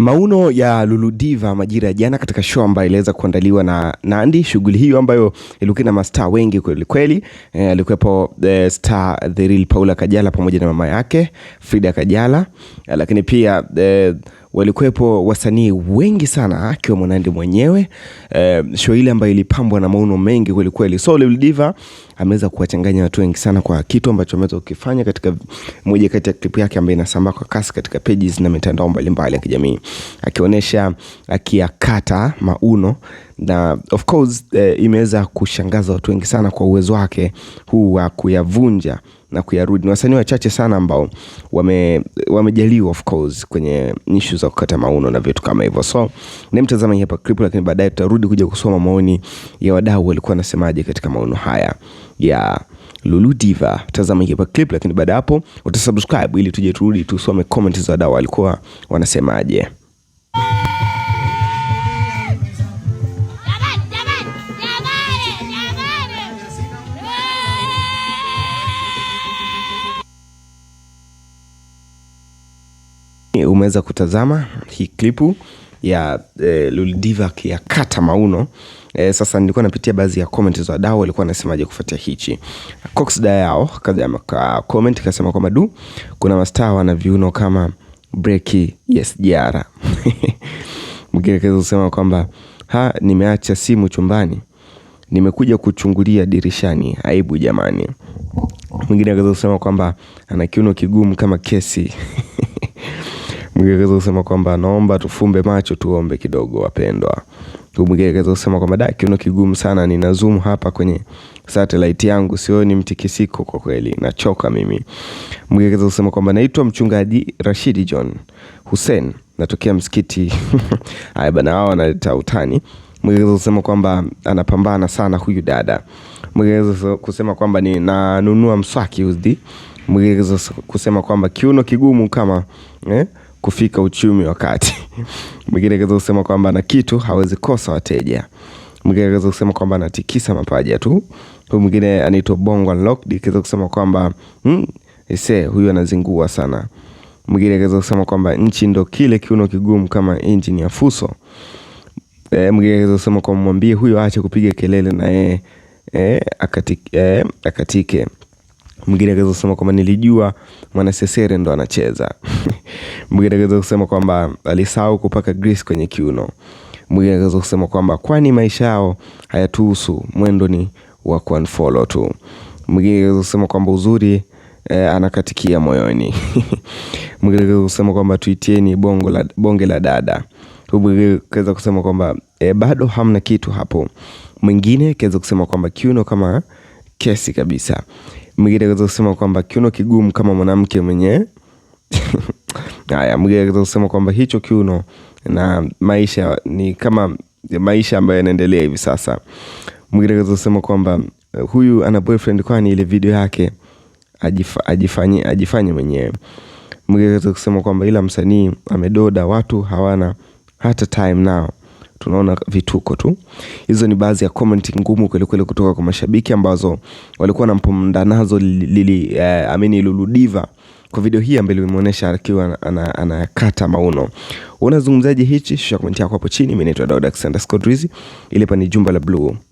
Mauno ya Luludiva majira ya jana katika show ambayo iliweza kuandaliwa na Nandy, shughuli hiyo ambayo ilikuwa na mastaa wengi kweli kweli. E, alikuwepo e, star the real Paula Kajala pamoja na mama yake Frida Kajala, eh, lakini pia e, walikuwepo wasanii wengi sana akiwemo Nandy mwenyewe. E, show ile ambayo ilipambwa na mauno mengi kweli kweli. So Lil Diva ameweza kuwachanganya watu wengi sana kwa kitu ambacho ameweza kukifanya katika moja kati ya klipu yake ambayo inasambaa kwa kasi katika pages na mitandao mbalimbali ya kijamii, akionyesha akiyakata mauno na of course eh, imeweza kushangaza watu wengi sana kwa uwezo wake huu wa kuyavunja na kuyarudi. Ni wasanii wachache sana ambao wamejaliwa of course kwenye nishu za kukata mauno na vitu kama hivyo, so ni mtazama hapa clip, lakini baadaye tutarudi kuja kusoma maoni ya wadau walikuwa wanasemaje katika mauno haya ya Lulu Diva, tazama hapa clip, lakini baada hapo utasubscribe ili tuje turudi tusome comment za wadau walikuwa wanasemaje. umeweza kutazama hii klipu ya e, eh, Ludivac ya kata mauno. E, sasa nilikuwa napitia baadhi ya comment za wadau walikuwa wanasemaje kufuatia hichi. Cox Dayao kaza maka comment kasema kwamba du kuna mastaa wana viuno kama breki ya SGR. Mgeni kaza kusema kwamba ha, nimeacha simu chumbani nimekuja kuchungulia dirishani, aibu jamani. Mwingine akaza kusema kwamba ana kiuno kigumu kama kesi Mwingereza kusema kwamba naomba tufumbe macho tuombe kidogo, wapendwa. Mwingereza kusema kwamba da, kiuno kigumu sana, nina zoom hapa kwenye satellite yangu, sioni mtikisiko, kwa kweli nachoka mimi. Mwingereza kusema kwamba naitwa mchungaji Rashidi John Hussein, natokea msikiti haya bana, hao wanaleta utani. Mwingereza kusema kwamba anapambana sana huyu dada. Mwingereza kusema kwamba ni nanunua mswaki. uzdi. Mwingereza kusema kwamba kiuno kigumu kama eh? kufika uchumi wakati. Mwingine akaweza kusema kwamba na kitu hawezi kosa wateja. Mwingine akaweza kusema kwamba anatikisa mapaja tu. Huyu mwingine anaitwa Bongo Unlocked akaweza kusema kwamba mm, ise huyu anazingua sana. Mwingine akaweza kusema kwamba nchi ndo kile kiuno kigumu kama injini ya fuso. E, mwingine akaweza kusema kwamba mwambie huyo aache kupiga kelele na yeye e, akatike, e, akatike. Mwingine akaweza kusema kwamba nilijua Mwanasesere ndo anacheza. Mwingine akaweza kusema kwamba alisahau kupaka grease kwenye kiuno. Mwingine akaweza kusema kwamba kwani maisha yao hayatuhusu, mwendo ni wa kuunfollow tu. Mwingine akaweza kusema kwamba uzuri eh, anakatikia moyoni. Mwingine akaweza kusema kwamba tuitieni bongo la, bonge la dada. Mwingine akaweza kusema kwamba eh, bado hamna kitu hapo. Mwingine akaweza kusema kwamba kiuno kama kesi kabisa. Mwingine akaweza kusema kwamba kiuno kigumu kama mwanamke mwenye haya. Mwingine akaweza kusema kwamba hicho kiuno na maisha ni kama maisha ambayo yanaendelea hivi sasa. Mwingine akaweza kusema kwamba uh, huyu ana boyfriend, kwani ile video yake ajifanye ajifanye mwenyewe. Mwingine akaweza kusema kwamba ila msanii amedoda, watu hawana hata time now tunaona vituko tu. Hizo ni baadhi ya comment ngumu kwelikweli kutoka kwa mashabiki ambazo walikuwa wanampenda nazo lili, eh, amini Lulu Diva kwa video hii ambayo limeonyesha akiwa anakata ana mauno. Unazungumzaje hichi? Shusha komenti yako hapo chini. Mimi naitwa Daud ile pa ni jumba la bluu.